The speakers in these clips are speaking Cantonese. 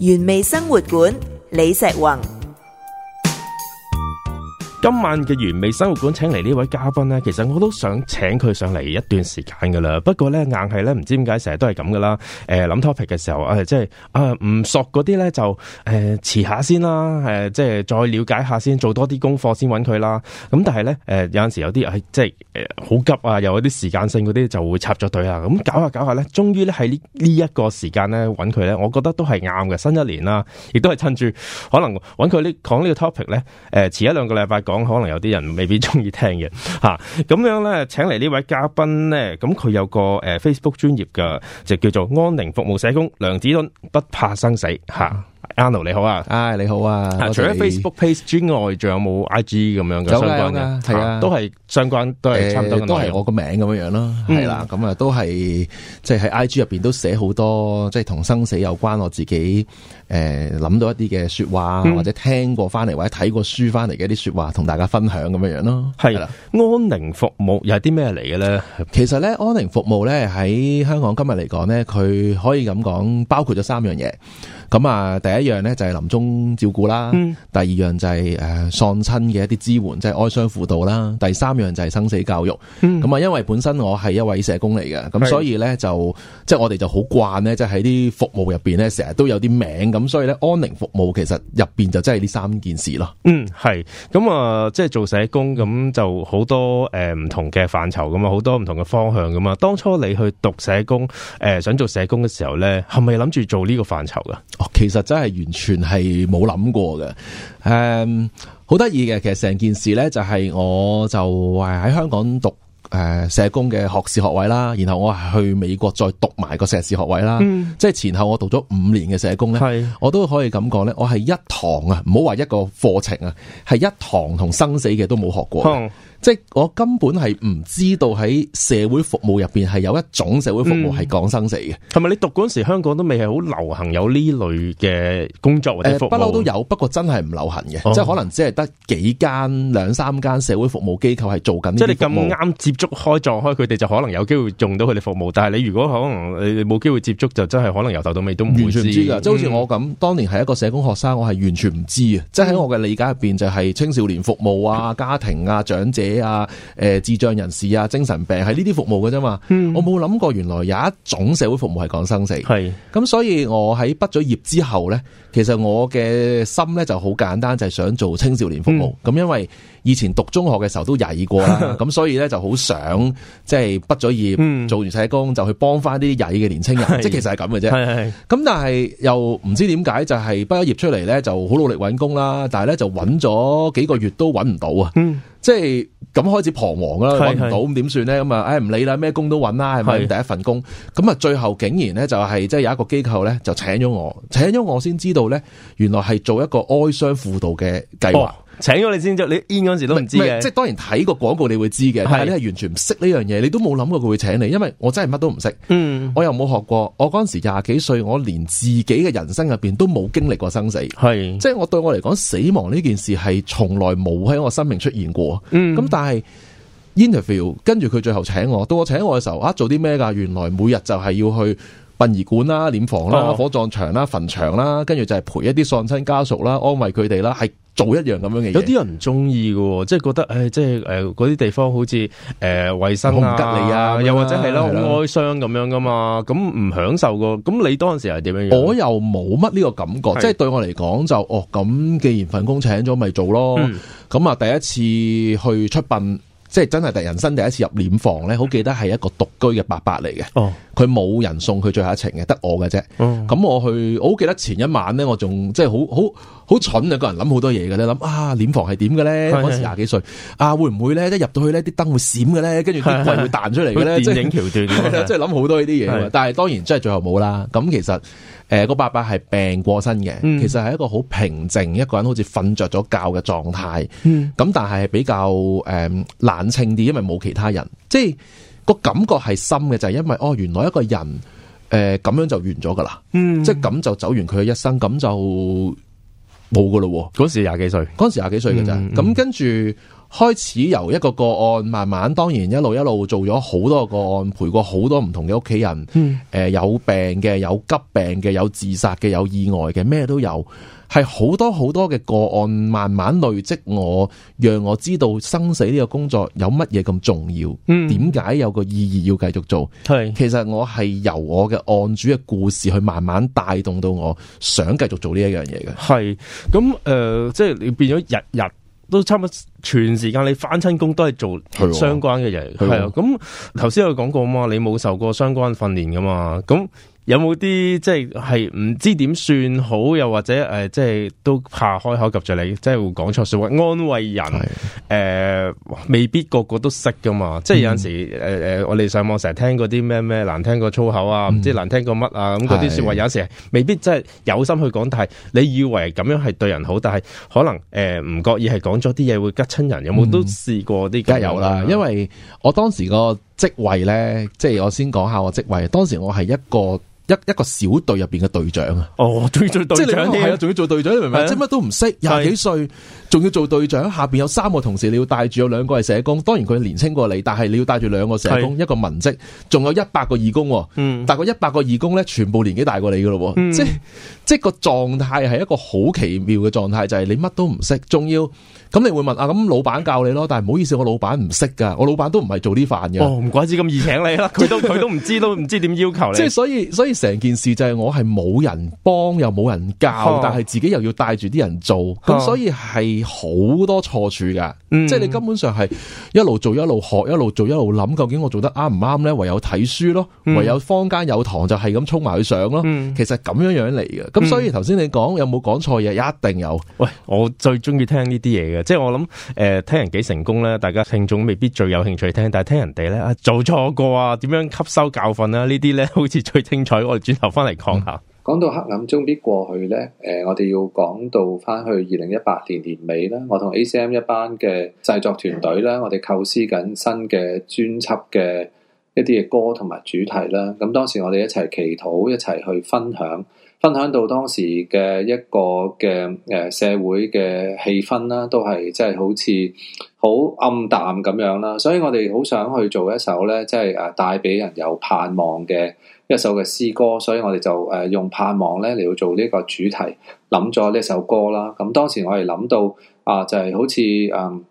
原味生活館，李石宏。今晚嘅完美生活館請嚟呢位嘉賓咧，其實我都想請佢上嚟一段時間噶啦不過咧，硬係咧唔知點解成日都係咁噶啦誒、呃、諗 topic 嘅時候啊、呃，即係啊唔熟嗰啲咧就誒遲、呃、下先啦，誒、呃、即係再了解下先，做多啲功課先揾佢啦。咁但係咧誒有陣時有啲誒即係誒好急啊，又有啲時間性嗰啲就會插咗隊啊，咁搞下搞下咧，終於咧，喺呢呢一個時間咧揾佢咧，我覺得都係啱嘅。新一年啦，亦都係趁住可能揾佢呢講呢個 topic 咧，誒遲一兩個禮拜。講可能有啲人未必中意聽嘅嚇，咁、啊、樣咧請嚟呢位嘉賓咧，咁、啊、佢有個誒、呃、Facebook 專業嘅就叫做安寧服務社工梁梓敦，不怕生死嚇。啊嗯阿奴你好啊，唉你好啊。除咗 Facebook Page 之外，仲有冇 IG 咁樣嘅相關嘅？係啊，都係相關，都係差唔多，都係我個名咁樣樣咯。係啦，咁啊都係即係喺 IG 入邊都寫好多，即係同生死有關。我自己誒諗到一啲嘅說話，或者聽過翻嚟，或者睇過書翻嚟嘅一啲說話，同大家分享咁樣樣咯。係啦，安寧服務又係啲咩嚟嘅咧？其實咧，安寧服務咧喺香港今日嚟講咧，佢可以咁講，包括咗三樣嘢。咁啊，第一樣咧就係臨終照顧啦，嗯、第二樣就係誒喪親嘅一啲支援，即、就、係、是、哀傷輔導啦。第三樣就係生死教育。咁啊、嗯，因為本身我係一位社工嚟嘅，咁、嗯、所以咧就即係是我哋就好慣咧，即係喺啲服務入邊咧，成日都有啲名。咁所以咧，安寧服務其實入邊就真係呢三件事咯。嗯，係。咁啊、呃，即係做社工咁就好多誒唔、呃、同嘅範疇咁啊，好多唔同嘅方向咁啊。當初你去讀社工誒、呃，想做社工嘅時候咧，係咪諗住做呢個範疇噶？其實真係完全係冇諗過嘅，誒，好得意嘅，其實成件事呢，就係，我就係喺香港讀誒社工嘅學士學位啦，然後我去美國再讀埋個碩士學位啦，嗯、即係前後我讀咗五年嘅社工咧是，我都可以咁講呢，我係一堂啊，唔好話一個課程啊，係一堂同生死嘅都冇學過。嗯即係我根本係唔知道喺社會服務入邊係有一種社會服務係講生死嘅，係咪？你讀嗰陣時香港都未係好流行有呢類嘅工作或者服務，不嬲都有，不過真係唔流行嘅，即係可能只係得幾間兩三間社會服務機構係做緊。即係你咁啱接觸開、撞開，佢哋就可能有機會用到佢哋服務。但係你如果可能你冇機會接觸，就真係可能由頭到尾都唔知。唔知噶，即係好似我咁，當年係一個社工學生，我係完全唔知啊！即係喺我嘅理解入邊，就係青少年服務啊、家庭啊、長者。嘢啊，誒，智障人士啊，精神病，係呢啲服務嘅啫嘛。嗯、我冇諗過原來有一種社會服務係講生死。係是，咁所以我喺畢咗業之後呢，其實我嘅心呢就好簡單，就係、是、想做青少年服務。咁、嗯、因為以前讀中學嘅時候都曳過啦，咁 所以呢就好想即係畢咗業，做完社工、嗯、就去幫翻啲曳嘅年青人。是即其實係咁嘅啫。咁的但係又唔知點解就係畢咗業出嚟呢就好努力揾工啦，但係呢就揾咗幾個月都揾唔到啊。嗯即係咁開始彷徨啦，揾唔到咁點算咧？咁啊是是，唉，唔理啦，咩工都揾啦，係咪第一份工？咁啊，最後竟然咧就係、是、即係有一個機構咧就請咗我，請咗我先知道咧，原來係做一個哀傷輔導嘅計劃。哦請咗你先，就你 in 嗰時都唔知嘅，即係當然睇過廣告你會知嘅。係你係完全唔識呢樣嘢，你都冇諗過佢會請你，因為我真係乜都唔識。嗯，我又冇學過，我嗰時廿幾歲，我連自己嘅人生入邊都冇經歷過生死。係、嗯，即係我對我嚟講，死亡呢件事係從來冇喺我生命出現過。咁、嗯、但係 interview，跟住佢最後請我，到我請我嘅時候啊，做啲咩噶？原來每日就係要去殯儀館啦、殮房啦、火葬場啦、墳場啦，跟住就係陪一啲喪親家屬啦，安慰佢哋啦，係。做一樣咁樣嘅。 有啲人唔中意嘅，即係覺得，誒、哎，即係誒，嗰、呃、啲地方好似誒衞生啊，唔吉利啊，啊又或者係咯，好哀傷咁樣噶嘛，咁唔的享受個。咁你當時係點樣？我又冇乜呢個感覺，的即係對我嚟講就，哦，咁既然份工請咗，咪做咯。咁啊、嗯，嗯、第一次去出殯，即係真係第人生第一次入殮房咧，好記得係一個獨居嘅伯伯嚟嘅。哦 佢冇人送佢最後一程嘅，得我嘅啫。咁、嗯、我去，我好記得前一晚咧，我仲即係好好好蠢啊！個人諗好多嘢嘅咧，諗啊殮房係點嘅咧？嗰是的 時廿幾歲啊，會唔會咧一入到去咧啲燈會閃嘅咧？跟住啲櫃會彈出嚟嘅咧？即係電影橋段，即係諗好多呢啲嘢。是的 但係當然，即係最後冇啦。咁其實誒個伯伯係病過身嘅，嗯、其實係一個好平靜一個人好，好似瞓着咗覺嘅狀態。咁但係比較誒、嗯、冷清啲，因為冇其他人，即係。即個感覺係深嘅，就係因為哦，原來一個人誒咁樣就完咗噶啦，嗯，即係咁就走完佢嘅一生，咁就冇噶咯。嗰時廿幾歲，嗰時廿幾歲噶咋，咁跟住。開始由一個個案慢慢，當然一路一路做咗好多個案，陪過好多唔同嘅屋企人，誒、嗯呃，有病嘅，有急病嘅，有自殺嘅，有意外嘅，咩都有，係好多好多嘅個案，慢慢累積我，讓我知道生死呢個工作有乜嘢咁重要，點解有個意義要繼續做？係、嗯，其實我係由我嘅案主嘅故事去慢慢帶動到我想繼續做呢一樣嘢嘅。係，咁誒、呃，即係你變咗日日都差唔多。全時間你翻親工都係做相關嘅嘢，係啊的，咁頭先有講過嘛，你冇受過相關訓練噶嘛，咁、嗯。有冇啲即係係唔知點算好，又或者誒、呃，即係都怕開口及住你，即係會講錯說話安慰人誒的、呃，未必個個都識噶嘛。嗯、即係有陣時誒誒、呃，我哋上網成日聽嗰啲咩咩難聽過粗口啊，唔知難聽過乜啊咁嗰啲說話，的有陣時未必真係有心去講，但係你以為咁樣係對人好，但係可能誒唔覺意係講咗啲嘢會吉親人。有冇都試過啲梗係有啦？因為我當時個職位咧，即係我先講下我職位，當時我係一個。一一個小隊入邊嘅隊長啊，哦，仲要做隊長，即係你係啊，仲要做隊長，你明唔明？即係乜都唔識，廿幾歲，仲要做隊長，下邊有三個同事，你要帶住有兩個係社工，當然佢年輕過你，但係你要帶住兩個社工，是的 一個文職，仲有一百個義工，嗯，但係一百個義工咧，全部年紀大過你噶咯、嗯，即係即係個狀態係一個好奇妙嘅狀態，就係、是、你乜都唔識，仲要。咁你會問啊？咁老闆教你咯，但係唔好意思，我老闆唔識噶，我老闆都唔係做啲飯嘅。哦，唔怪之咁易，請你啦。佢都佢 都唔知，都唔知點要求你。即係所以，所以成件事就係我係冇人幫，又冇人教，啊，但係自己又要帶住啲人做，咁，啊啊、所以係好多錯處噶。嗯、即係你根本上係一路做一路學，一路做一路諗，究竟我做得啱唔啱咧？唯有睇書咯，嗯、唯有坊間有堂就係咁衝埋去上咯。嗯、其實咁樣樣嚟嘅。咁，嗯、所以頭先你講有冇講錯嘢？一定有。喂，我最中意聽呢啲嘢嘅。即係我諗，誒、呃，聽人幾成功咧，大家聽眾未必最有興趣聽，但係聽人哋咧做錯過啊，點、啊、樣吸收教訓啊？呢啲咧，好似最精彩。我哋轉頭翻嚟講下，講、嗯、到黑暗終必過去咧，誒、呃，我哋要講到翻去二零一八年年尾啦，我同 ACM 一班嘅製作團隊咧，我哋構思緊新嘅專輯嘅一啲嘅歌同埋主題啦。咁當時我哋一齊祈禱，一齊去分享。分享到當時嘅一個嘅誒社會嘅氣氛啦，都係即係好似好暗淡咁樣啦。所以我哋好想去做一首咧，即係誒帶俾人有盼望嘅一首嘅詩歌。所以我哋就誒用盼望咧嚟到做呢個主題，諗咗呢首歌啦。咁當時我哋諗到啊，就係好似誒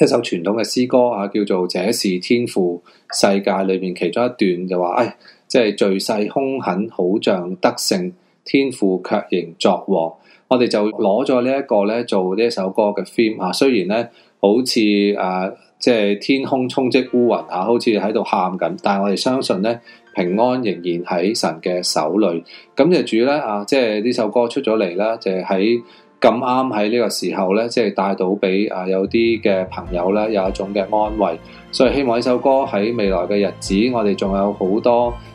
一首傳統嘅詩歌啊，叫做《這是天父世界》裏面其中一段就話誒，即係最細凶狠好德，好像得勝。天父卻仍作王，我哋就攞咗呢一個咧做呢一首歌嘅 film 啊。雖然咧好似誒，即、啊、係、就是、天空充斥烏雲啊，好似喺度喊緊，但係我哋相信咧，平安仍然喺神嘅手裏。咁就主咧啊，即係呢首歌出咗嚟啦，就係喺咁啱喺呢個時候咧，即係帶到俾啊有啲嘅朋友咧有一種嘅安慰。所以希望呢首歌喺未來嘅日子，我哋仲有好多。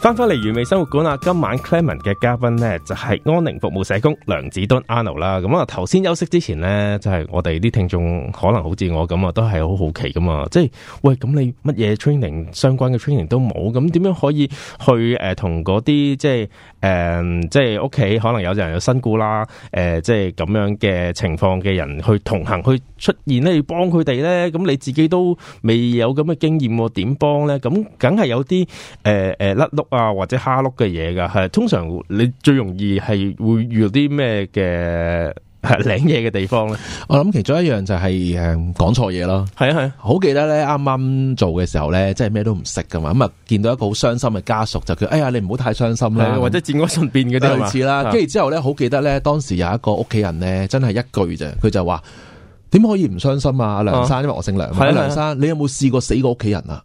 翻返嚟完美生活館啊，今晚 Clement 嘅嘉賓咧就係、是、安寧服務社工梁梓敦 Anu 啦。咁啊，頭先休息之前咧，就係、是、我哋啲聽眾可能好似我咁啊，都係好好奇噶嘛。即係喂，咁你乜嘢 training 相關嘅 training 都冇，咁點樣可以去誒同嗰啲即係誒、呃、即係屋企可能有人有身故啦，誒、呃、即係咁樣嘅情況嘅人去同行去出現咧，要幫佢哋咧，咁你自己都未有咁嘅經驗，點幫咧？咁梗係有啲誒誒甩碌。啊，或者蝦碌嘅嘢噶，係通常你最容易係會遇到啲咩嘅係領嘢嘅地方咧？我諗其中一樣就係誒講錯嘢咯。係、嗯、啊係，啊好記得咧，啱啱做嘅時候咧，即係咩都唔識噶嘛，咁啊見到一個好傷心嘅家屬，就叫哎呀，你唔好太傷心啦、啊，或者節哀順變嗰啲類似啦。跟住、啊啊、之後咧，好記得咧，當時有一個屋企人咧，真係一句啫，佢就話點可以唔傷心啊？梁生，啊、因為我姓梁，係、啊、梁生，你有冇試過死過屋企人啊？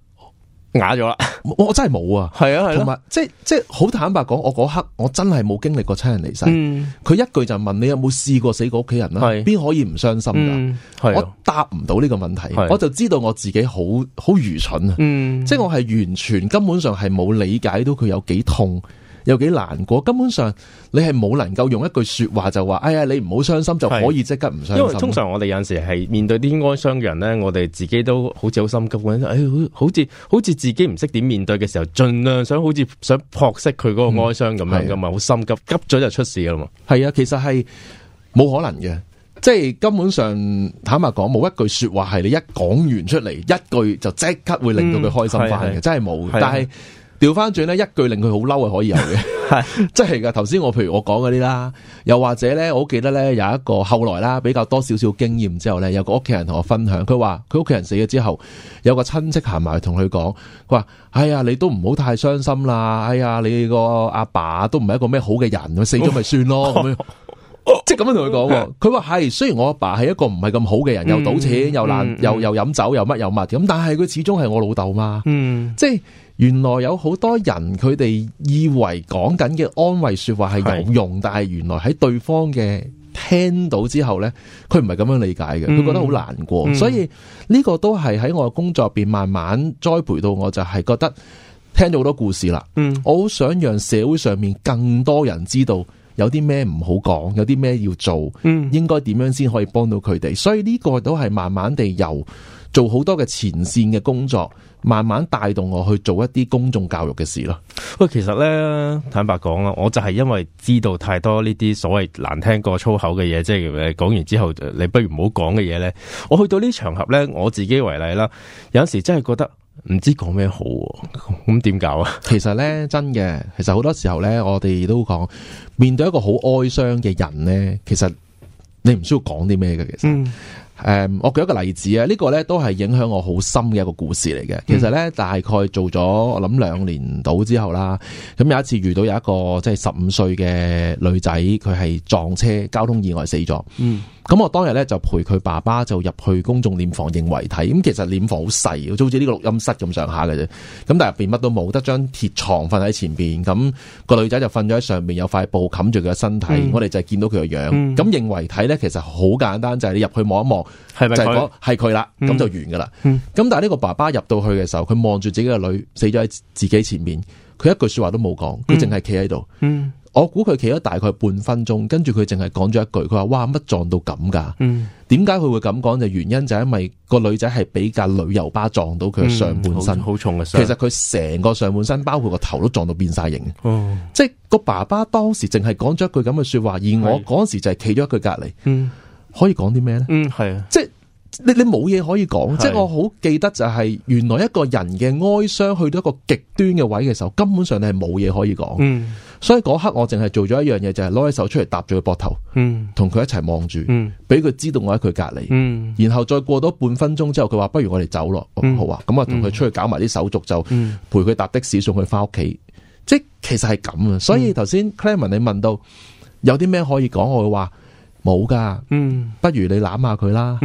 啞咗啦！我真係冇啊，係啊，係咯，同埋即係即係好坦白講，我嗰刻我真係冇經歷過親人離世。佢、嗯、一句就問你有冇試過死過屋企人咧？邊的可以唔傷心㗎？嗯、我答唔到呢個問題，的我就知道我自己好好愚蠢啊！嗯、即係我係完全根本上係冇理解到佢有幾痛。有幾難過，根本上你係冇能夠用一句說話就話，哎呀你唔好傷心就可以即刻唔傷心。因為通常我哋有陣時係面對啲哀傷嘅人咧，我哋自己都好似好心急咁，哎好好似好似自己唔識點面對嘅時候，盡量想好似想撲息佢嗰個哀傷咁樣噶嘛，好、嗯啊、心急，急咗就出事噶嘛。係啊，其實係冇可能嘅，即係根本上坦白講，冇一句說話係你一講完出嚟，一句就即刻會令到佢開心翻嘅，嗯啊啊、真係冇。啊啊、但係。調翻轉咧，一句令佢好嬲嘅可以有嘅，係即係噶。頭先我譬如我講嗰啲啦，又或者咧，我好記得咧，有一個後來啦，比較多少少經驗之後咧，有個屋企人同我分享，佢話佢屋企人死咗之後，有個親戚行埋同佢講，佢話：哎呀，你都唔好太傷心啦，哎呀，你個阿爸，爸都唔係一個咩好嘅人，死咗咪算咯。 即係咁樣同佢講。佢話係，雖然我阿爸係一個唔係咁好嘅人，又賭錢又懶又又飲酒又乜又乜咁，但係佢始終係我老豆嘛。嗯， 即係。原來有好多人佢哋以為講緊嘅安慰說話係有用，是的 但係原來喺對方嘅聽到之後呢，佢唔係咁樣理解嘅，佢覺得好難過，嗯、所以呢、呢個都係喺我嘅工作入面慢慢栽培到我，我就係、是、覺得聽到好多故事啦。嗯，我好想讓社會上面更多人知道有啲咩唔好講，有啲咩要做，嗯，應該點樣先可以幫到佢哋，所以呢個都係慢慢地由。做好多嘅前線嘅工作，慢慢帶動我去做一啲公眾教育嘅事咯。喂，其實咧，坦白講啦，我就係因為知道太多呢啲所謂難聽過粗口嘅嘢，即係講完之後，你不如唔好講嘅嘢咧。我去到呢場合咧，我自己為例啦，有陣時真係覺得唔知講咩好，啊，咁點搞啊？其實咧，真嘅，其實好多時候咧，我哋都講面對一個好哀傷嘅人咧，其實你唔需要講啲咩嘅，其實。嗯誒，um, 我舉一個例子啊，這個、呢個咧都係影響我好深嘅一個故事嚟嘅。其實呢，大概做咗我諗兩年到之後啦，咁有一次遇到有一個即係十五歲嘅女仔，佢係撞車交通意外死咗。嗯。咁我當日咧就陪佢爸爸就入去公眾殮房認遺體，咁其實殮房好細，好似呢個錄音室咁上下嘅啫。咁但係入邊乜都冇，得張鐵床瞓喺前邊，咁個女仔就瞓咗喺上面，有塊布冚住佢嘅身體。嗯、我哋就係見到佢嘅樣。咁、嗯、認遺體咧，其實好簡單，就係、是、你入去望一望，係咪就講係佢啦，咁、嗯、就完㗎喇。咁、嗯嗯、但係呢個爸爸入到去嘅時候，佢望住自己嘅女死咗喺自己前面，佢一句說話都冇講，佢淨係企喺度。嗯嗯我估佢企咗大概半分鐘，跟住佢淨係講咗一句，佢話：哇，乜撞到咁噶？嗯，點解佢會咁講？就原因就係因為個女仔係俾架旅遊巴撞到佢嘅上半身，嗯，好重嘅。其實佢成個上半身，包括個頭都撞到變晒形。哦，即係個爸爸當時淨係講咗一句咁嘅說話，而我嗰時就係企咗一句隔籬，嗯，可以講啲咩呢？係啊，嗯，即係你你冇嘢可以講。的即係我好記得就係、是、原來一個人嘅哀傷去到一個極端嘅位嘅時候，根本上你係冇嘢可以講。嗯所以嗰刻我淨係做咗一樣嘢，就係攞起手出嚟搭住佢膊頭，同佢一齊望住，俾佢知道我喺佢隔籬，嗯、然後再過多半分鐘之後，佢話不如我哋走咯、嗯哦，好啊，咁啊同佢出去搞埋啲手續，就陪佢搭的士送佢翻屋企。即其實係咁啊！所以頭先 Clayman 你問到有啲咩可以講，我會話冇噶，不如你攬下佢啦，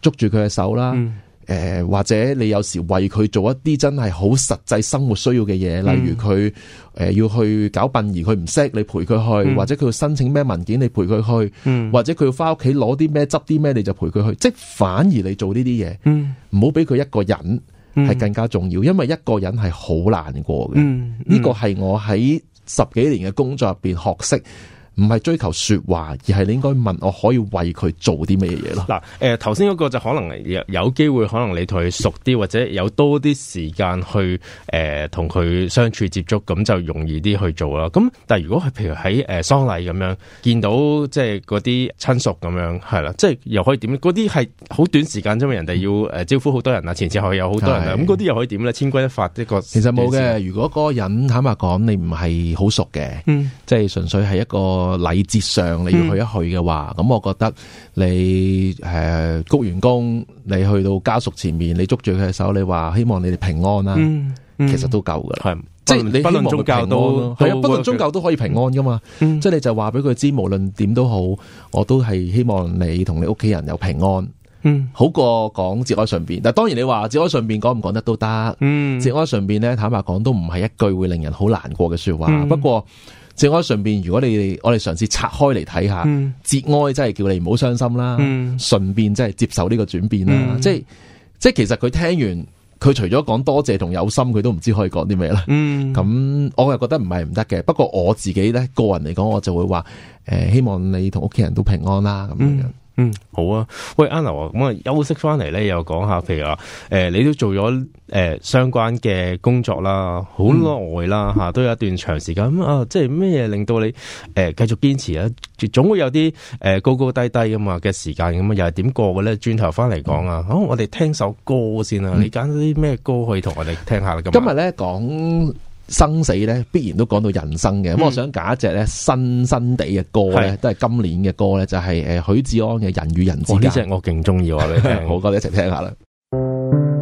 捉住佢嘅手啦。嗯嗯嗯誒、呃，或者你有時為佢做一啲真係好實際生活需要嘅嘢，嗯、例如佢誒、呃、要去搞殯儀，佢唔識，你陪佢去；嗯、或者佢要申請咩文件，你陪佢去；嗯、或者佢要翻屋企攞啲咩執啲咩，你就陪佢去。即反而你做呢啲嘢，唔好俾佢一個人，係更加重要，因為一個人係好難過嘅。呢個係我喺十幾年嘅工作入邊學識。唔係追求說話，而係你應該問我可以為佢做啲乜嘢嘢咯。嗱、啊，誒、呃，頭先嗰個就可能有有機會，可能你同佢熟啲，或者有多啲時間去誒同佢相處接觸，咁就容易啲去做啦。咁但係如果係譬如喺誒喪禮咁樣見到即係嗰啲親屬咁樣，係啦，即係又可以點？嗰啲係好短時間，因為人哋要誒招呼好多人啊，嗯、前前後有好多人啊，咁嗰啲又可以點咧？千鈞一髮，個嗯、紫紫一個其實冇嘅。如果嗰個人坦白講，你唔係好熟嘅，即係純粹係一個。個禮節上你要去一去嘅話，咁我覺得你誒鞠完躬，你去到家屬前面，你捉住佢嘅手，你話希望你哋平安啦，其實都夠噶，係即係你希望佢平安咯，係啊，不論宗教都可以平安噶嘛，即係你就話俾佢知，無論點都好，我都係希望你同你屋企人有平安，嗯，好過講節哀順變。但係當然你話節哀順變講唔講得都得，嗯，節哀順變咧，坦白講都唔係一句會令人好難過嘅說話，不過。節哀順便，如果你哋我哋嘗試拆開嚟睇下，節、嗯、哀真係叫你唔好傷心啦。順、嗯、便即係接受呢個轉變啦、嗯。即係即係其實佢聽完，佢除咗講多謝同有心，佢都唔知可以講啲咩啦。咁、嗯、我又覺得唔係唔得嘅。不過我自己咧個人嚟講，我就會話誒、呃，希望你同屋企人都平安啦咁樣。嗯嗯，好啊，喂，Anna，咁啊，休息翻嚟咧，又講下，譬如話，誒、呃，你都做咗誒、呃、相關嘅工作啦，好耐啦，吓、啊，都有一段長時間咁、嗯、啊，即係咩嘢令到你誒繼、呃、續堅持啊？總會有啲誒、呃、高高低低咁嘛嘅時間，咁、嗯、啊又係點過嘅咧？轉頭翻嚟講啊，好、啊，我哋聽首歌先啊，你揀啲咩歌去同我哋聽下啦？嗯、下今日咧講。生死咧，必然都講到人生嘅。咁、嗯、我想揀一隻咧新新地嘅歌咧，是都係今年嘅歌咧，就係誒許志安嘅《人與人之間》呢隻、哦、我勁中意，我俾 你聽， 好，我哋一齊聽一下啦。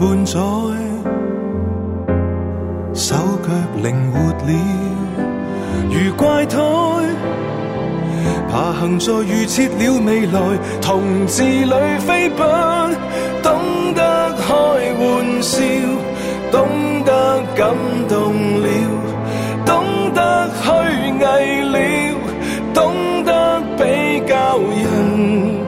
半載，手腳靈活了，如怪胎，爬行在預設了未來童稚裡，飛奔，懂得開玩笑，懂得感動了，懂得虛偽了，懂得比較人。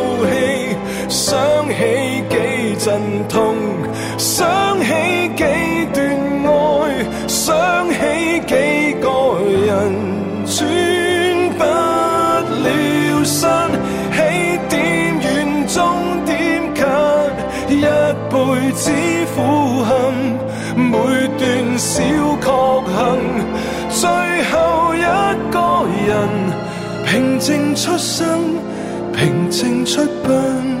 想起幾陣痛，想起幾段愛，想起幾個人，轉不了身。起點遠，終點近，一輩子苦恨，每段小確幸，最後一個人，平靜出生，平靜出殯。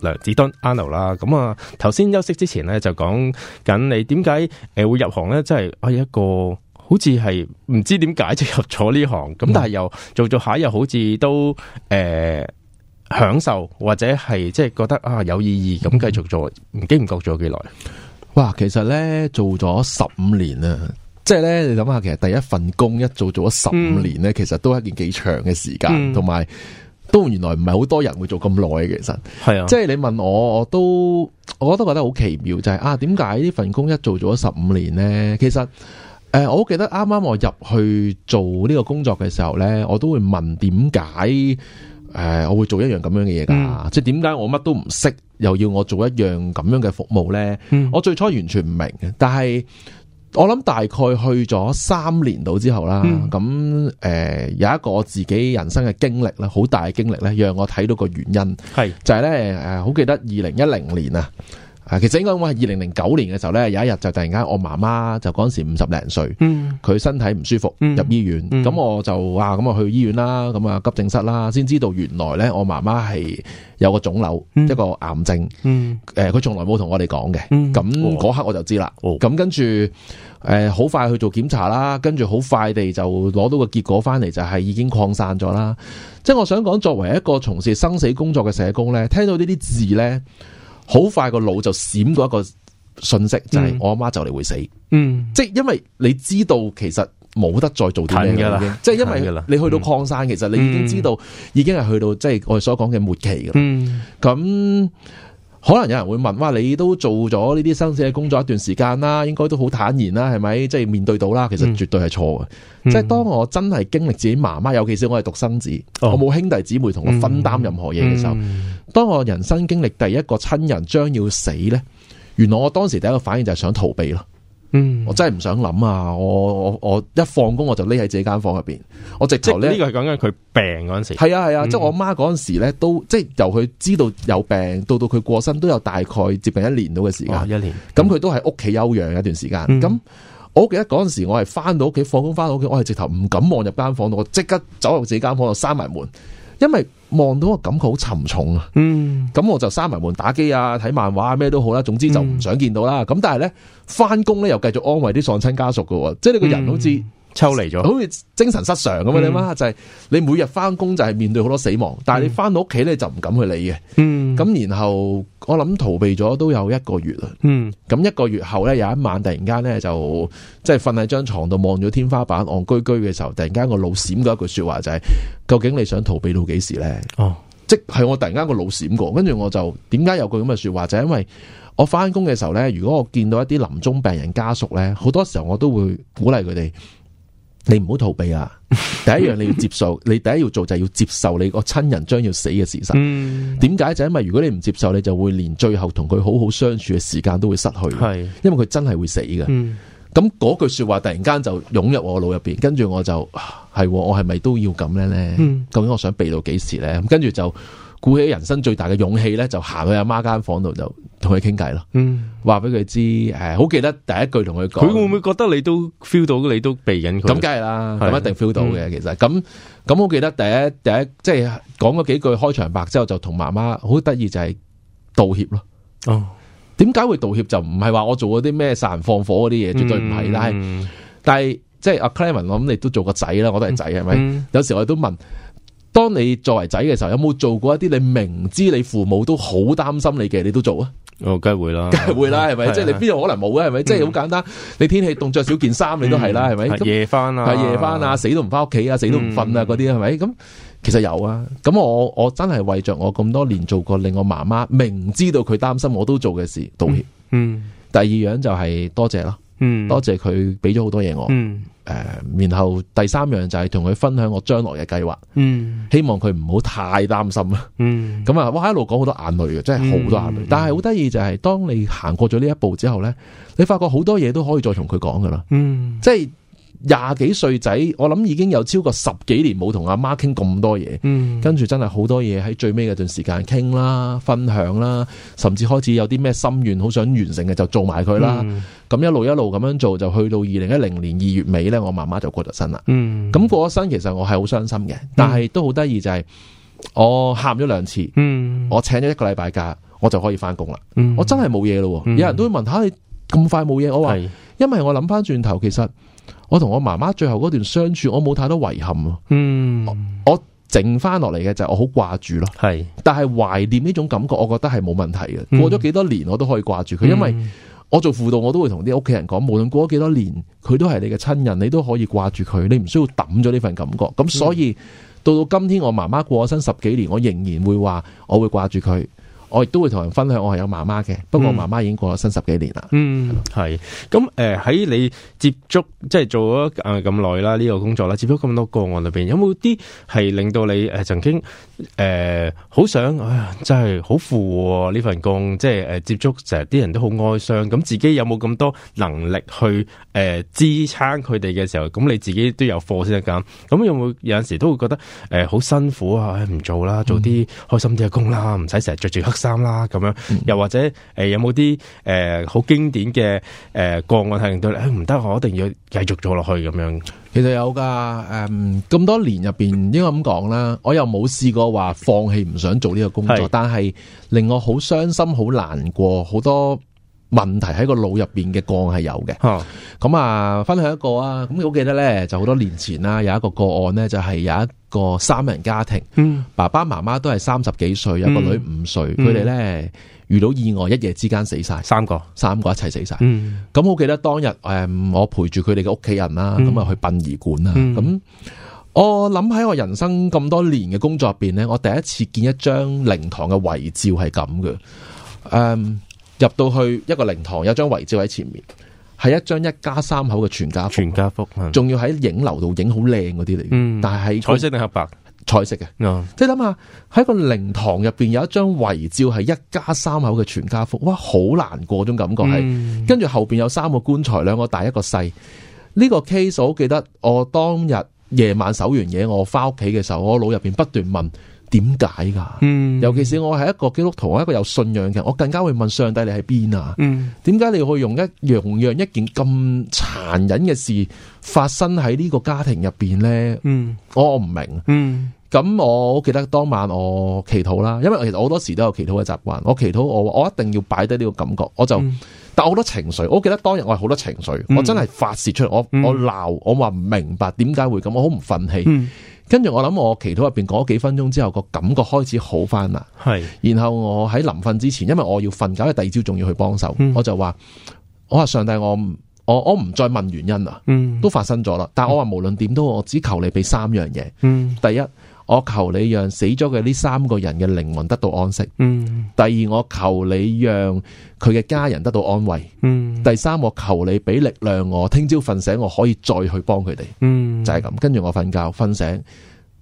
梁梓敦 a n 啦，咁啊，頭先休息之前咧就講緊你點解誒會入行咧，即係係一個好似係唔知點解就入咗呢行，咁、嗯、但係又做做下又好似都誒、呃、享受或者係即係覺得啊有意義咁繼、嗯、續做，唔經唔覺咗幾耐。哇，其實咧做咗十五年啊，即係咧你諗下，其實第一份工一做做咗十五年咧，其實都係一件幾長嘅時間，同埋、嗯。都原來唔係好多人會做咁耐嘅，其實係啊，即係你問我，我都，我都覺得覺得好奇妙，就係、是、啊，點解呢份工一做做咗十五年呢？其實，誒、呃，我記得啱啱我入去做呢個工作嘅時候呢，我都會問點解，誒、呃，我會做一樣咁樣嘅嘢㗎。嗯、即係點解我乜都唔識，又要我做一樣咁樣嘅服務呢？嗯、我最初完全唔明嘅，但係，我諗大概去咗三年度之後啦，咁誒、嗯呃、有一個自己人生嘅經歷咧，好大嘅經歷咧，讓我睇到個原因係是就係咧誒，好、呃、記得二零一零年啊。啊，其實應該講係二零零九年嘅時候咧，有一日就突然間我媽媽就嗰陣時五十零歲，嗯，佢身體唔舒服，嗯、入醫院，咁、嗯、我就哇，咁啊去醫院啦，咁啊急症室啦，先知道原來咧我媽媽係有個腫瘤，嗯、一個癌症，嗯，誒、呃，佢從來冇同我哋講嘅，咁嗰、嗯、刻我就知啦，哦，咁跟住誒好快去做檢查啦，跟住好快地就攞到個結果翻嚟就係已經擴散咗啦，即、就、係、是、我想講作為一個從事生死工作嘅社工咧，聽到呢啲字咧。好快個腦就閃過一個信息，就係、是、我阿媽就嚟會死。嗯，即係因為你知道其實冇得再做啲嘢啦。即係因為你去到礦山，嗯、其實你已經知道，已經係去到即係我哋所講嘅末期嘅。嗯，咁。可能有人會問，哇，你都做咗呢啲生死嘅工作一段時間啦，應該都好坦然啦，係咪？即係面對到啦。其實絕對係錯嘅。嗯、即係當我真係經歷自己媽媽，尤其是我係獨生子，哦、我冇兄弟姊妹同我分擔任何嘢嘅時候，嗯嗯、當我人生經歷第一個親人將要死呢，原來我當時第一個反應就係想逃避咯。嗯， 我真係唔想諗啊！我我我一放工我就匿喺自己間房入邊，我直頭呢？呢個係講緊佢病嗰陣時。係啊係啊，啊 即係我媽嗰陣時咧，都即係由佢知道有病到到佢過身，都有大概接近一年到嘅時間。哦，一年。咁佢都喺屋企休養一段時間。咁 我記得嗰陣時我，我係翻到屋企放工，翻到屋企，我係直頭唔敢望入間房度，我即刻走入自己間房度，閂埋門。因為望到我感覺好沉重、嗯、啊，咁我就閂埋門打機啊，睇漫畫啊咩都好啦，總之就唔想見到啦。咁、嗯、但係咧，翻工咧又繼續安慰啲喪親家屬噶，即係你個人好似。嗯抽離咗，好似精神失常咁啊、嗯！就係、是、你每日翻工就係面對好多死亡，但係你翻到屋企咧就唔敢去理嘅。咁、嗯、然後我諗逃避咗都有一個月啦。咁、嗯、一個月後咧，有一晚突然間咧就即係瞓喺張床度望咗天花板，戇居居嘅時候，突然間個腦閃過一句說話就係、是：究竟你想逃避到幾時咧？哦，即係我突然間個腦閃過，跟住我就點解有句咁嘅說話？就係因為我翻工嘅時候咧，如果我見到一啲臨終病人家屬咧，好多時候我都會鼓勵佢哋。你唔好逃避啊！第一樣你要接受， 你第一要做就係要接受你個親人將要死嘅事實。點解、嗯、就係、因為如果你唔接受，你就會連最後同佢好好相處嘅時間都會失去。係是，因為佢真係會死嘅。咁嗰、嗯、句說話突然間就湧入我腦入邊，跟住我就係我係咪都要咁咧咧？嗯、究竟我想避到幾時咧？咁跟住就。鼓起人生最大嘅勇氣咧，就行去阿媽間房度就同佢傾偈咯。嗯，話俾佢知，誒好記得第一句同佢講。佢會唔會覺得你都 feel 到你都避緊佢？咁梗係啦，咁一定 feel 到嘅。嗯、其實咁咁，我記得第一第一即係講嗰幾句開場白之後，就同媽媽好得意就係道歉咯。哦，點解會道歉？就唔係話我做嗰啲咩殺人放火嗰啲嘢，絕對唔係。但係但係即係阿 Clayman 我諗你都做個仔啦，我都係仔係咪？有時我哋都問。當你作為仔嘅時候，有冇做過一啲你明知你父母都好擔心你嘅，你都做啊？哦，梗係會啦，梗係會啦，係咪？即係你邊度可能冇啊？係咪？即係好簡單，你天氣凍着少件衫，你都係啦，係咪？夜翻，啊？係夜翻啊，死都唔翻屋企啊，死都唔瞓啊，嗰啲係咪？咁其實有啊，咁我我真係為着我咁多年做過令我媽媽明知道佢擔心我都做嘅事道歉。嗯，第二樣就係多謝咯，嗯，多謝佢俾咗好多嘢我。嗯。誒，然後第三樣就係同佢分享我將來嘅計劃，嗯，希望佢唔好太擔心啦，嗯，咁啊，哇一路講好多眼淚嘅，真係好多眼淚，眼淚嗯，但係好得意就係、是嗯，當你行過咗呢一步之後咧，你發覺好多嘢都可以再同佢講噶啦，嗯，即係。廿幾歲仔，我諗已經有超過十幾年冇同阿媽傾咁多嘢，嗯、跟住真係好多嘢喺最尾嗰段時間傾啦，分享啦，甚至開始有啲咩心願好想完成嘅就做埋佢啦，咁、嗯、一路一路咁樣做就去到二零一零年二月尾呢，我媽媽就過咗身啦，嗯，咁過咗身其實我係好傷心嘅，但係都好得意就係、是、我喊咗兩次，嗯、我請咗一個禮拜假，我就可以翻工啦，嗯、我真係冇嘢咯，嗯、有人都會問下你咁快冇嘢？我話因為我諗翻轉頭其實。我同我媽媽最後嗰段相處，我冇太多遺憾。嗯，我剩翻落嚟嘅就係我好掛住咯。係是，但係懷念呢種感覺，我覺得係冇問題嘅。嗯、過咗幾多年，我都可以掛住佢，因為我做輔導，我都會同啲屋企人講，無論過咗幾多年，佢都係你嘅親人，你都可以掛住佢，你唔需要抌咗呢份感覺。咁所以到、嗯、到今天，我媽媽過咗身十幾年，我仍然會話，我會掛住佢。我亦都會同人分享，我係有媽媽嘅，不過我媽媽已經過咗身十幾年啦。嗯，係吧。咁誒喺你接觸即係做咗誒咁耐啦，呢、呢個工作啦，接觸咁多個案裏邊，有冇啲係令到你誒曾經誒好、呃、想誒、哎，真係好負呢份工，即係誒接觸成日啲人都好哀傷，咁自己有冇咁多能力去誒、呃、支撐佢哋嘅時候，咁你自己都有貨先得㗎。咁有冇有陣時都會覺得誒好、呃、辛苦啊？唔、哎、做啦，做啲開心啲嘅工啦，唔使成日着住黑。啱啦，咁樣又或者誒、呃，有冇啲誒好經典嘅誒個案係令到你，誒、哎，唔得，我一定要繼續做落去咁樣。其實有噶，誒、嗯，咁多年入邊，應該咁講啦。我又冇試過話放棄，唔想做呢個工作，是但係令我好傷心、好難過，好多。問題喺個腦入邊嘅個案係有嘅，咁啊分享一個啊，咁好記得呢，就好多年前啦，有一個個案呢，就係、是、有一個三人家庭，嗯、爸爸媽媽都係三十幾歲，嗯、有個女五歲，佢哋、嗯、呢，遇到意外，一夜之間死晒，三個，三個一齊死晒。咁好、嗯、記得當日誒、嗯，我陪住佢哋嘅屋企人啦，咁啊、嗯、去殯儀館啦，咁、嗯嗯、我諗喺我人生咁多年嘅工作入邊呢，我第一次見一張靈堂嘅遺照係咁嘅，誒、嗯。嗯入到去一個靈堂，有張遺照喺前面，係一張一家三口嘅全家全家福，仲要喺影樓度影好靚嗰啲嚟。嗯，但係彩色定黑白？彩色嘅，即係諗下喺個靈堂入邊有一張遺照係一家三口嘅全家福，哇，好難過種感覺係。嗯，跟住後邊有三個棺材，兩個大一個細。呢個 case 我好記得，我當日夜晚守完嘢，我翻屋企嘅時候，我腦入邊不斷問。點解噶？尤其是我係一個基督徒，我一個有信仰嘅人，我更加會問上帝你喺邊啊？點解、嗯、你要用一樣樣一件咁殘忍嘅事發生喺呢個家庭入邊咧？我我唔明。咁、嗯、我記得當晚我祈禱啦，因為其實好多時都有祈禱嘅習慣。我祈禱我我一定要擺低呢個感覺。我就、嗯、但好多情緒，我記得當日我係好多情緒、嗯，我真係發洩出嚟，我我鬧，我話唔明白點解會咁，我好唔忿氣。跟住我諗，我祈禱入邊過咗幾分鐘之後，個感覺開始好翻啦。係是然後我喺臨瞓之前，因為我要瞓覺，第二朝仲要去幫手、嗯，我就話我話上帝我，我我我唔再問原因啦，嗯、都發生咗啦。但係我話無論點都，嗯、我只求你俾三樣嘢。第一。嗯第一我求你讓死咗嘅呢三個人嘅靈魂得到安息。嗯，第二，我求你讓佢嘅家人得到安慰。嗯，第三，我求你俾力量我，聽朝瞓醒我可以再去幫佢哋。嗯，就係咁，跟住我瞓覺瞓醒。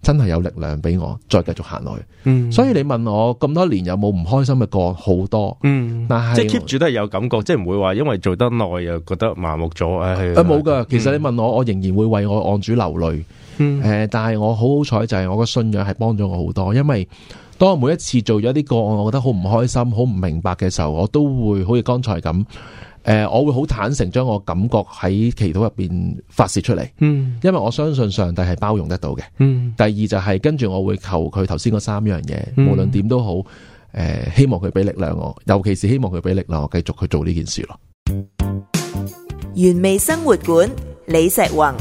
真係有力量俾我再繼續行落去，嗯、所以你問我咁多年有冇唔開心嘅個案？好多，嗯、但係是即係 keep 住都係有感覺，嗯、即係唔會話因為做得耐又覺得麻木咗，唉、哎，啊冇噶。是其實你問我，嗯、我仍然會為我案主流淚，誒、嗯呃，但係我好好彩就係我個信仰係幫咗我好多，因為當我每一次做咗一啲個案，我覺得好唔開心、好唔明白嘅時候，我都會好似剛才咁。誒，我會好坦誠將我感覺喺祈禱入邊發洩出嚟，嗯，因為我相信上帝係包容得到嘅，嗯。第二就係跟住我會求佢頭先嗰三樣嘢，無論點都好，誒、呃，希望佢俾力量我，尤其是希望佢俾力量我繼續去做呢件事咯。原味生活館，李石宏。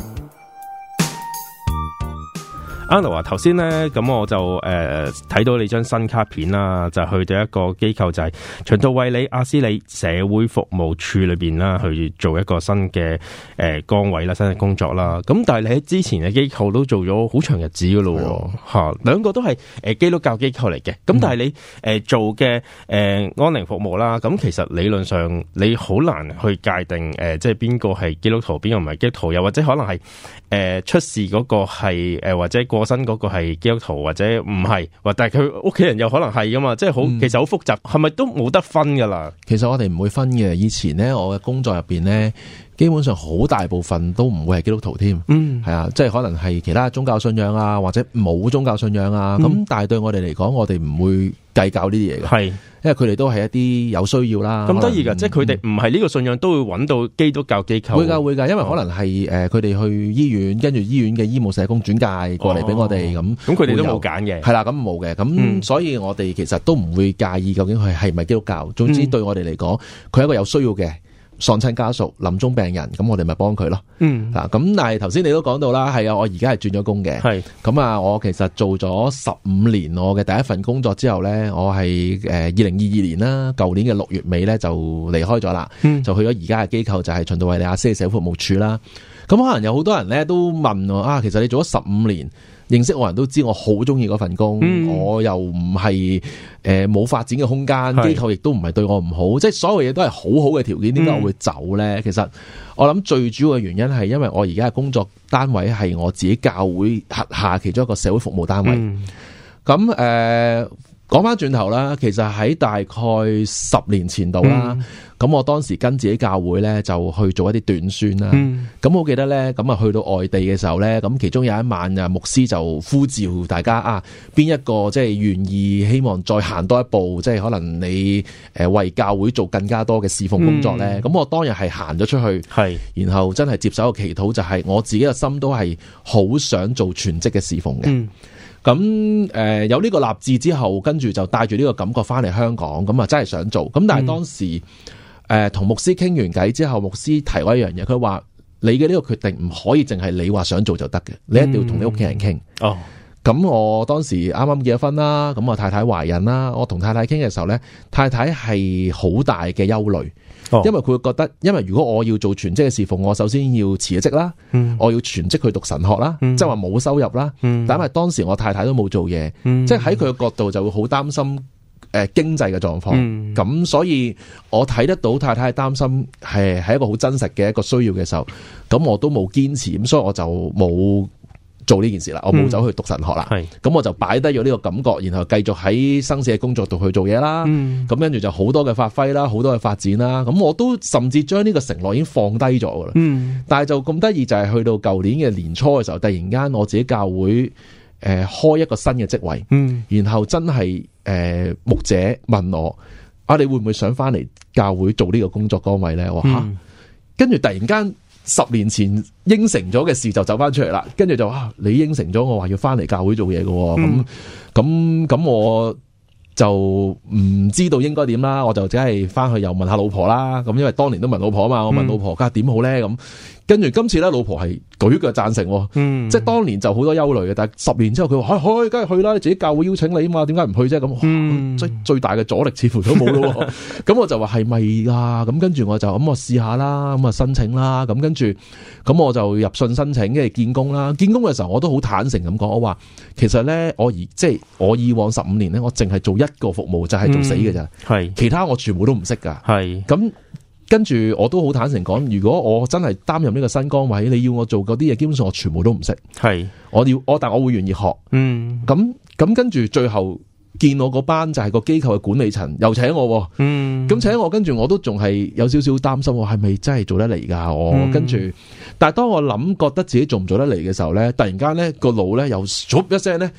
阿羅啊，頭先咧，咁我就誒睇、呃、到你張新卡片啦，就去到一個機構就係循道衞理亞斯理社會服務處裏邊啦，去做一個新嘅誒、呃、崗位啦，新嘅工作啦。咁但係你喺之前嘅機構都做咗好長日子噶咯，吓、mm. 兩個都係誒基督教機構嚟嘅。咁但係你誒、呃、做嘅誒、呃、安寧服務啦，咁其實理論上你好難去界定誒、呃，即係邊個係基督徒，邊個唔係基督徒，又或者可能係誒、呃、出事嗰個係誒、呃、或者。過身嗰個係基督徒或者唔係，或但係佢屋企人又可能係噶嘛，即係好、嗯、其實好複雜，係咪都冇得分噶啦？其實我哋唔會分嘅，以前咧我嘅工作入邊咧。基本上好大部分都唔會係基督徒添，係、嗯、啊，即係可能係其他宗教信仰啊，或者冇宗教信仰啊。咁、嗯、但係對我哋嚟講，我哋唔會計較呢啲嘢嘅，係是因為佢哋都係一啲有需要啦。咁得意噶，能即係佢哋唔係呢個信仰、嗯、都會揾到基督教機構會，會噶會噶，因為可能係誒佢哋去醫院，跟住醫院嘅醫務社工轉介過嚟俾我哋咁。咁佢哋都冇揀嘅，係啦，咁冇嘅。咁、嗯、所以我哋其實都唔會介意究竟佢係係咪基督教。總之對我哋嚟講，佢係一個有需要嘅。喪親家屬、臨終病人，咁我哋咪幫佢咯。嗯，嗱咁、啊，但係頭先你都講到啦，係啊，我而家係轉咗工嘅。係咁的啊，我其實做咗十五年我嘅第一份工作之後咧，我係誒二零二二年啦，舊年嘅六月尾咧就離開咗啦，嗯、就去咗而家嘅機構，就係循道衛理亞斯嘅社會服務處啦。咁、啊嗯、可能有好多人咧都問我啊，其實你做咗十五年。認識我人都知我好中意嗰份工，嗯、我又唔係誒冇發展嘅空間，是機構亦都唔係對我唔好，即係所有嘢都係好好嘅條件，點解我會走呢？嗯、其實我諗最主要嘅原因係因為我而家嘅工作單位係我自己教會轄下，下其中一個社會服務單位，咁誒、嗯。講翻轉頭啦，其實喺大概十年前度啦，咁、嗯、我當時跟自己教會咧就去做一啲短宣啦。咁、嗯、我記得咧，咁啊去到外地嘅時候咧，咁其中有一晚啊，牧師就呼召大家啊，邊一個即係願意希望再行多一步，即係可能你誒、呃、為教會做更加多嘅侍奉工作咧。咁、嗯、我當日係行咗出去，係是然後真係接手個祈禱、就是，就係我自己個心都係好想做全職嘅侍奉嘅。嗯咁誒、呃、有呢個立志之後，跟住就帶住呢個感覺翻嚟香港，咁啊真係想做。咁但係當時誒同、嗯呃、牧師傾完偈之後，牧師提過一樣嘢，佢話你嘅呢個決定唔可以淨係你話想做就得嘅，你一定要同你屋企人傾，嗯。哦，咁我當時啱啱結咗婚啦，咁我太太懷孕啦，我同太太傾嘅時候呢，太太係好大嘅憂慮。因為佢會覺得，因為如果我要做全職嘅侍奉，我首先要辭咗職啦，嗯、我要全職去讀神學啦，即係話冇收入啦。嗯、但係當時我太太都冇做嘢，即係喺佢嘅角度就會好擔心誒、呃、經濟嘅狀況。咁、嗯、所以，我睇得到太太係擔心，係係一個好真實嘅一個需要嘅時候。咁我都冇堅持，咁所以我就冇，做呢件事啦，我冇走去讀神學啦，咁、嗯、我就擺低咗呢個感覺，然後繼續喺生死嘅工作度去做嘢啦。咁跟住就好多嘅發揮啦，好多嘅發展啦。咁我都甚至將呢個承諾已經放低咗㗎啦。嗯、但係就咁得意就係、是、去到舊年嘅年初嘅時候，突然間我自己教會誒、呃、開一個新嘅職位，嗯、然後真係誒、呃、牧者問我，我、啊、你會唔會想翻嚟教會做呢個工作崗位呢？我」我吓跟住突然間。十年前應承咗嘅事就走翻出嚟啦，跟住就哇、啊、你應承咗我話要翻嚟教會做嘢嘅，咁咁咁我就唔知道應該點啦，我就只係翻去又問問下老婆啦，咁因為當年都問老婆啊嘛，我問老婆，家下點好咧？咁。嗯跟住今次咧，老婆係舉腳贊成、哦，嗯、即係當年就好多憂慮嘅。但係十年之後，佢、哎、話：，去梗係去啦，你自己教會邀請你啊嘛，點解唔去啫？咁、嗯，最最大嘅阻力似乎都冇咯、哦。咁、 嗯、我就話係咪啊？咁跟住我就咁、嗯、我試下啦，咁、嗯、啊申請啦。咁、嗯、跟住，咁、嗯、我就入信申請，跟住見工啦。見工嘅時候我，我都好坦誠咁講，我話其實咧，我而即係我以往十五年咧，我淨係做一個服務，就係、是、做死嘅咋。」係其他我全部都唔識噶，係咁。跟住，我都好坦誠講，如果我真係擔任呢個新崗位，你要我做嗰啲嘢，基本上我全部都唔識。係是我要我，但係我會願意學。嗯，咁咁跟住，最後見我嗰班就係個機構嘅管理層又請我。嗯，咁請我跟住，我都仲係有少少擔心，我係咪真係做得嚟噶？我、oh, 嗯、跟住，但係當我諗覺得自己做唔做得嚟嘅時候咧，突然間咧個腦咧又 short 一聲咧，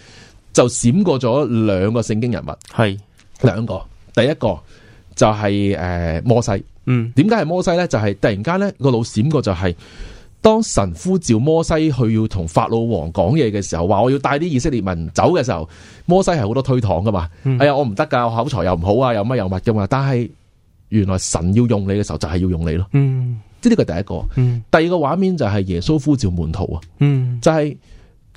就閃過咗兩個聖經人物，係是兩個，第一個就係、是、誒、呃、摩西。嗯，點解係摩西咧？就係、是、突然間咧，個腦閃過就係當神呼召摩西去要同法老王講嘢嘅時候，話我要帶啲以色列民走嘅時候，摩西係好多推搪噶嘛。嗯、哎呀，我唔得噶，我口才又唔好啊，又乜又乜噶嘛。但係原來神要用你嘅時候，就係要用你咯。嗯，呢啲係第一個。嗯，第二個畫面就係耶穌呼召門徒啊。嗯，就係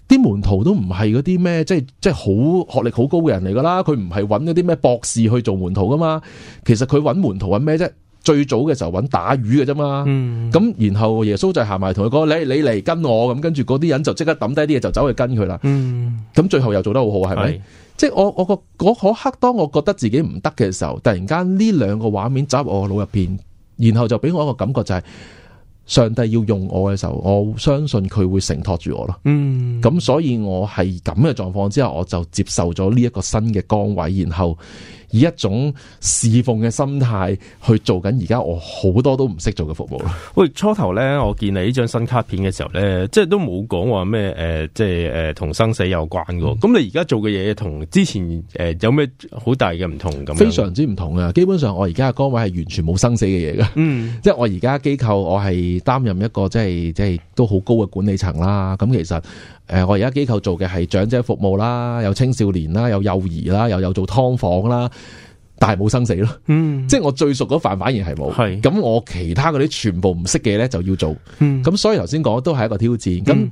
啲門徒都唔係嗰啲咩，即係即係好學歷好高嘅人嚟噶啦。佢唔係揾嗰啲咩博士去做門徒噶嘛。其實佢揾門徒揾咩啫？最早嘅時候揾打魚嘅啫嘛，咁、嗯、然後耶穌就行埋同佢講，你你嚟跟我，咁跟住嗰啲人就即刻抌低啲嘢，就走去跟佢啦。咁、嗯、最後又做得好好，係咪？是即係我我個嗰刻，當我覺得自己唔得嘅時候，突然間呢兩個畫面走入我腦入邊，然後就俾我一個感覺就係上帝要用我嘅時候，我相信佢會承托住我咯。咁、嗯、所以我係咁嘅狀況之下，我就接受咗呢一個新嘅崗位，然後。以一種侍奉嘅心態去做緊而家我好多都唔識做嘅服務咯。喂，初頭咧，我見你呢張新卡片嘅時候咧，即係都冇講話咩誒，即係誒同生死有關噶。咁、嗯、你而家做嘅嘢，同之前誒、呃、有咩好大嘅唔同咁？非常之唔同啊！基本上我而家嘅崗位係完全冇生死嘅嘢噶，嗯，即係我而家機構我係擔任一個即係即係都好高嘅管理層啦。咁其實。誒，我而家機構做嘅係長者服務啦，有青少年啦，有幼兒啦，又有做劏房啦，但係冇生死咯。嗯，即係我最熟嗰份，反而係冇。係是，咁我其他嗰啲全部唔識嘅咧就要做。咁、嗯、所以頭先講都係一個挑戰。咁、嗯。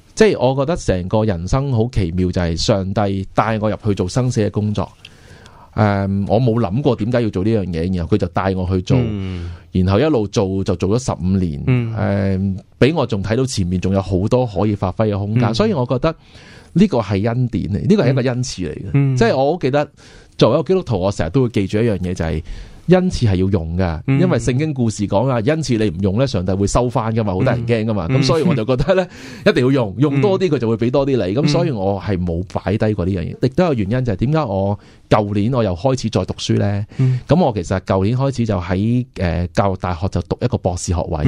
即係我覺得成個人生好奇妙就係、是、上帝帶我入去做生死嘅工作，誒、嗯，我冇諗過點解要做呢樣嘢，然後佢就帶我去做，嗯、然後一路做就做咗十五年，誒、嗯，俾、嗯、我仲睇到前面仲有好多可以發揮嘅空間，嗯、所以我覺得呢、這個係恩典嚟，呢、這個係一個恩賜嚟嘅，嗯、即係我好記得作為一個基督徒，我成日都會記住一樣嘢就係、是。恩賜係要用噶，因為聖經故事講啊，恩賜你唔用咧，上帝會收翻噶嘛，好多人驚噶嘛，咁、嗯、所以我就覺得咧，一定要用，嗯、用多啲佢就會俾多啲你，咁、嗯、所以我係冇擺低過呢樣嘢，亦都有原因就係點解我。舊年我又開始再讀書呢。咁我其實舊年開始就喺誒教育大學就讀一個博士學位，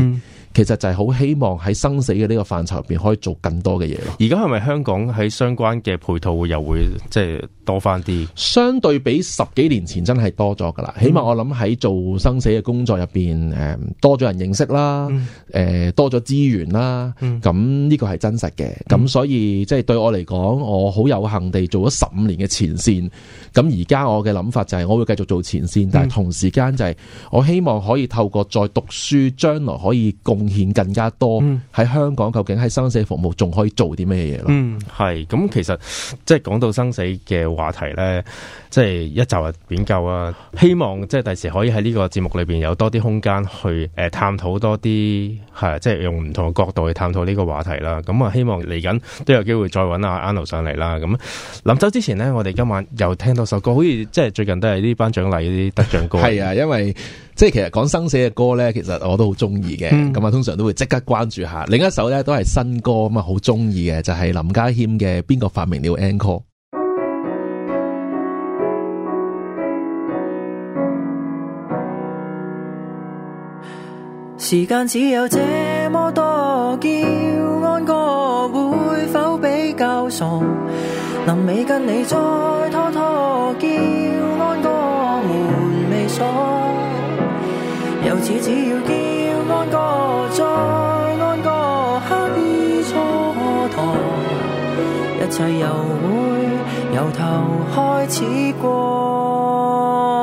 其實就係好希望喺生死嘅呢個範疇入邊可以做更多嘅嘢。而家係咪香港喺相關嘅配套會又會即係多翻啲？相對比十幾年前真係多咗噶啦，起碼我諗喺做生死嘅工作入邊，誒多咗人認識啦，誒多咗資源啦，咁呢個係真實嘅。咁所以即係對我嚟講，我好有幸地做咗十五年嘅前線，咁。而家我嘅諗法就係我會繼續做前線，嗯、但係同時間就係我希望可以透過再讀書，將來可以貢獻更加多喺香港，究竟喺生死服務仲可以做啲咩嘢咯？嗯，係咁，其實即係講到生死嘅話題咧，即係一集就係研究啊。希望即係第時可以喺呢個節目裏邊有多啲空間去誒、呃、探討多啲，係即係用唔同嘅角度去探討呢個話題啦。咁、嗯、啊，希望嚟緊都有機會再揾阿 Anno 上嚟啦。咁臨走之前呢，我哋今晚又聽到首。個好似即係最近都係啲頒獎禮啲得獎歌，係 啊，嗯、因為即係其實講生死嘅歌咧，其實我都好中意嘅。咁啊，通常都會即刻關注下。另一首咧都係新歌咁啊，好中意嘅就係、是、林家謙嘅《邊個發明了 Encore》。時間只有這麼多，叫安哥會否比較傻？臨尾跟你再拖拖，叫安哥門未鎖，由此只要叫安哥再安哥，刻意蹉跎，一切又會由頭開始過。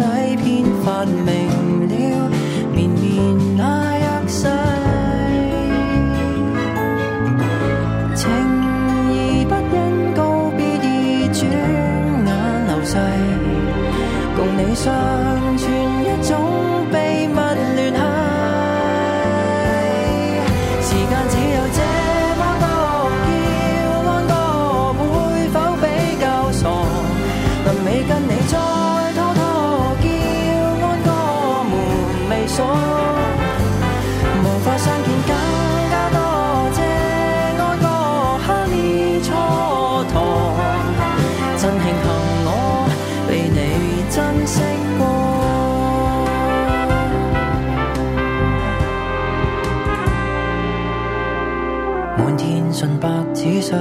滿天純白紙碎，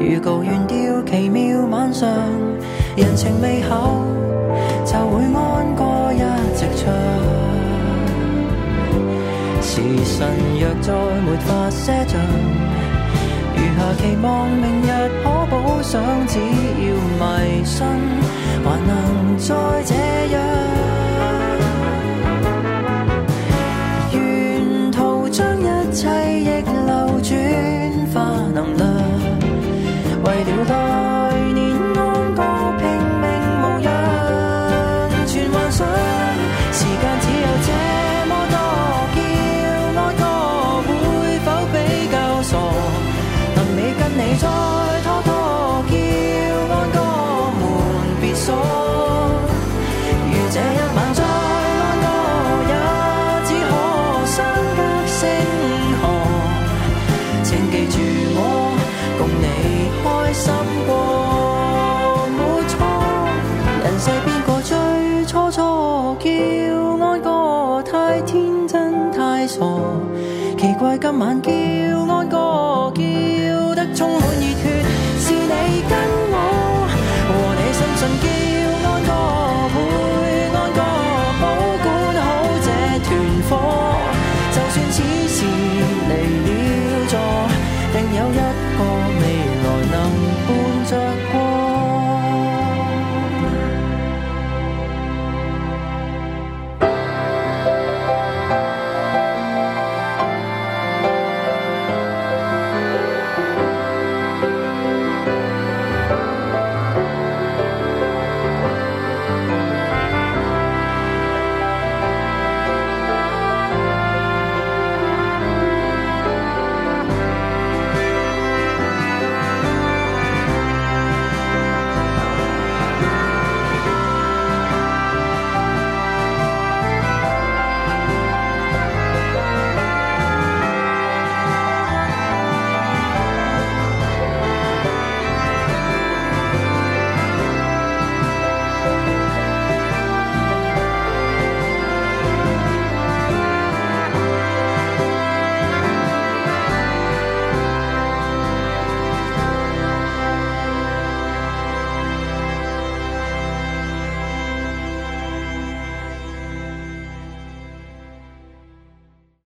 預告原調奇妙晚上，人情未厚，就會安歌一直唱。時辰若再沒法賒賬，餘下期望明日可補上，只要迷信，還能再這樣。轉化能量，為了他。 今晚叫安哥叫得充滿。